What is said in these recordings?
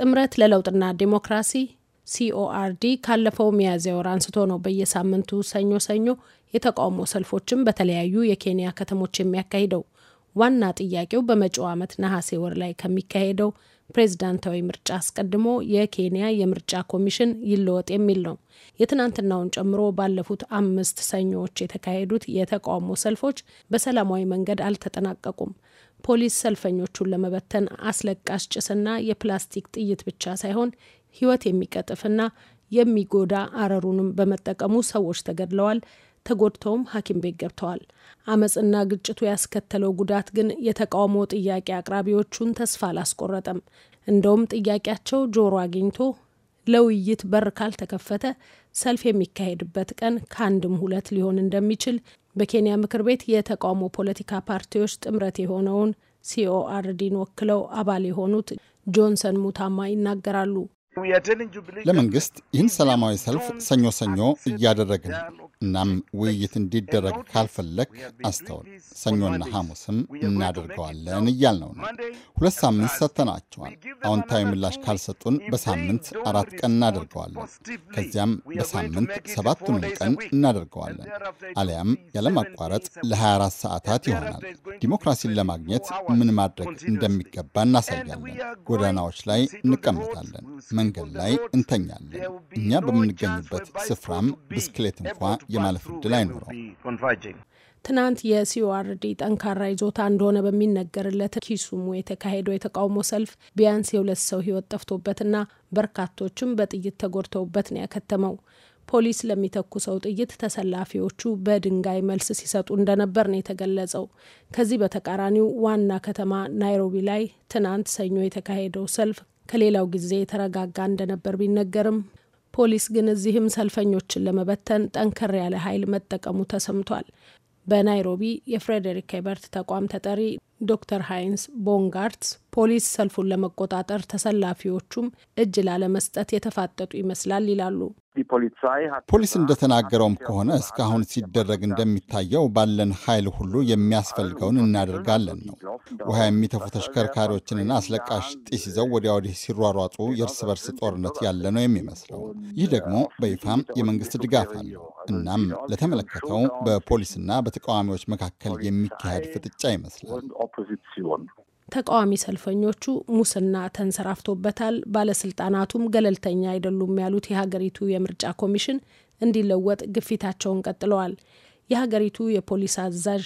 ጥምረት ለለውጥና ዲሞክራሲ ሲኦአርዲ ካለፈው ሚያዝያ ወር አንስቶ ነው በየሳምንቱ ሰኞ ሰኞ የተቃውሞ ሰልፎችን በተለያዩ የኬንያ ከተሞች የሚያካሂደው። ዋና ጥያቄው በመጪው ዓመት ነሐሴ ወር ላይ ከሚካሄደው ፕሬዝዳንታዊ ምርጫ አስቀድሞ የኬንያ የምርጫ ኮሚሽን ይለወጥ የሚል ነው። የትናንትናውን ጨምሮ ባለፉት አምስት ሰኞዎች የተካሄዱት የተቃውሞ ሰልፎች በሰላማዊ መንገድ አልተጠናቀቁም። ፖሊስ ሰልፈኞቹን ለመበተን አስለቃሽ ጭስና የፕላስቲክ ጥይት ብቻ ሳይሆን ሕይወት የሚቀጥፍና የሚጎዳ አረሩንም በመጠቀሙ ሰዎች ተገድለዋል። ተጎድተውም ሐኪም ቤት ገብተዋል። አመፅና ግጭቱ ያስከተለው ጉዳት ግን የተቃውሞ ጥያቄ አቅራቢዎቹን ተስፋ አላስቆረጠም። እንደውም ጥያቄያቸው ጆሮ አግኝቶ ለውይይት በር ካልተከፈተ ሰልፍ የሚካሄድበት ቀን ከአንድም ሁለት ሊሆን እንደሚችል በኬንያ ምክር ቤት የተቃውሞ ፖለቲካ ፓርቲዎች ጥምረት የሆነውን ሲኦአርዲን ወክለው አባል የሆኑት ጆንሰን ሙታማ ይናገራሉ። ለመንግስት ይህን ሰላማዊ ሰልፍ ሰኞ ሰኞ እያደረግን እናም ውይይት እንዲደረግ ካልፈለግ አስተውል፣ ሰኞና ሐሙስም እናደርገዋለን እያልነው ነው። ሁለት ሳምንት ሰጥተናቸዋል። አዎንታዊ ምላሽ ካልሰጡን በሳምንት አራት ቀን እናደርገዋለን። ከዚያም በሳምንት ሰባቱንም ቀን እናደርገዋለን። አሊያም ያለማቋረጥ ለ24 ሰዓታት ይሆናል። ዲሞክራሲን ለማግኘት ምን ማድረግ እንደሚገባ እናሳያለን። ጎዳናዎች ላይ እንቀመጣለን። መንገድ ላይ እንተኛለን። እኛ በምንገኝበት ስፍራም ብስክሌት እንኳ የማለፍ ዕድል አይኖረው። ትናንት የሲኦአርዲ ጠንካራ ይዞታ እንደሆነ በሚነገርለት ኪሱሙ የተካሄደው የተቃውሞ ሰልፍ ቢያንስ የሁለት ሰው ህይወት ጠፍቶበትና በርካቶችም በጥይት ተጎድተውበት ነው ያከተመው። ፖሊስ ለሚተኩሰው ጥይት ተሰላፊዎቹ በድንጋይ መልስ ሲሰጡ እንደነበር ነው የተገለጸው። ከዚህ በተቃራኒው ዋና ከተማ ናይሮቢ ላይ ትናንት ሰኞ የተካሄደው ሰልፍ ከሌላው ጊዜ የተረጋጋ እንደነበር ቢነገርም ፖሊስ ግን እዚህም ሰልፈኞችን ለመበተን ጠንከር ያለ ኃይል መጠቀሙ ተሰምቷል። በናይሮቢ የፍሬዴሪክ ኤበርት ተቋም ተጠሪ ዶክተር ሃይንስ ቦንጋርትስ ፖሊስ ሰልፉን ለመቆጣጠር ተሰላፊዎቹም እጅ ላለመስጠት የተፋጠጡ ይመስላል ይላሉ። ፖሊስ እንደተናገረውም ከሆነ እስካሁን ሲደረግ እንደሚታየው ባለን ኃይል ሁሉ የሚያስፈልገውን እናደርጋለን ነው። ውሃ የሚተፉ ተሽከርካሪዎችንና አስለቃሽ ጢስ ይዘው ወዲያ ወዲህ ሲሯሯጡ የእርስ በርስ ጦርነት ያለ ነው የሚመስለው። ይህ ደግሞ በይፋም የመንግስት ድጋፍ አለው። እናም ለተመለከተው በፖሊስና በተቃዋሚዎች መካከል የሚካሄድ ፍጥጫ ይመስላል። ተቃዋሚ ሰልፈኞቹ ሙስና ተንሰራፍቶበታል፣ ባለስልጣናቱም ገለልተኛ አይደሉም ያሉት የሀገሪቱ የምርጫ ኮሚሽን እንዲለወጥ ግፊታቸውን ቀጥለዋል። የሀገሪቱ የፖሊስ አዛዥ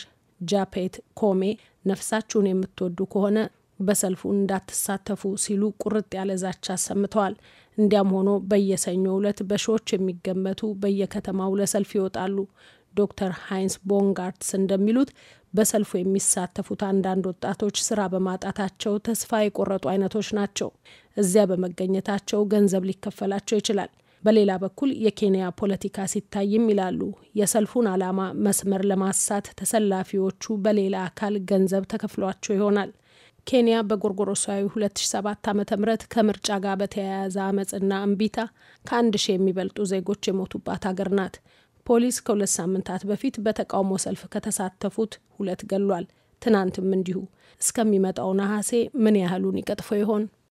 ጃፔት ኮሜ ነፍሳችሁን የምትወዱ ከሆነ በሰልፉ እንዳትሳተፉ ሲሉ ቁርጥ ያለ ዛቻ አሰምተዋል። እንዲያም ሆኖ በየሰኞ ዕለት በሺዎች የሚገመቱ በየከተማው ለሰልፍ ይወጣሉ። ዶክተር ሃይንስ ቦንጋርትስ እንደሚሉት በሰልፉ የሚሳተፉት አንዳንድ ወጣቶች ስራ በማጣታቸው ተስፋ የቆረጡ አይነቶች ናቸው። እዚያ በመገኘታቸው ገንዘብ ሊከፈላቸው ይችላል። በሌላ በኩል የኬንያ ፖለቲካ ሲታይም ይላሉ የሰልፉን ዓላማ መስመር ለማሳት ተሰላፊዎቹ በሌላ አካል ገንዘብ ተከፍሏቸው ይሆናል። ኬንያ በጎርጎሮሳዊ 2007 ዓ ም ከምርጫ ጋር በተያያዘ አመፅና እምቢታ ከአንድ ሺህ የሚበልጡ ዜጎች የሞቱባት ሀገር ናት። ፖሊስ ከሁለት ሳምንታት በፊት በተቃውሞ ሰልፍ ከተሳተፉት ሁለት ገሏል። ትናንትም እንዲሁ። እስከሚመጣው ነሐሴ ምን ያህሉን ይቀጥፎ ይሆን?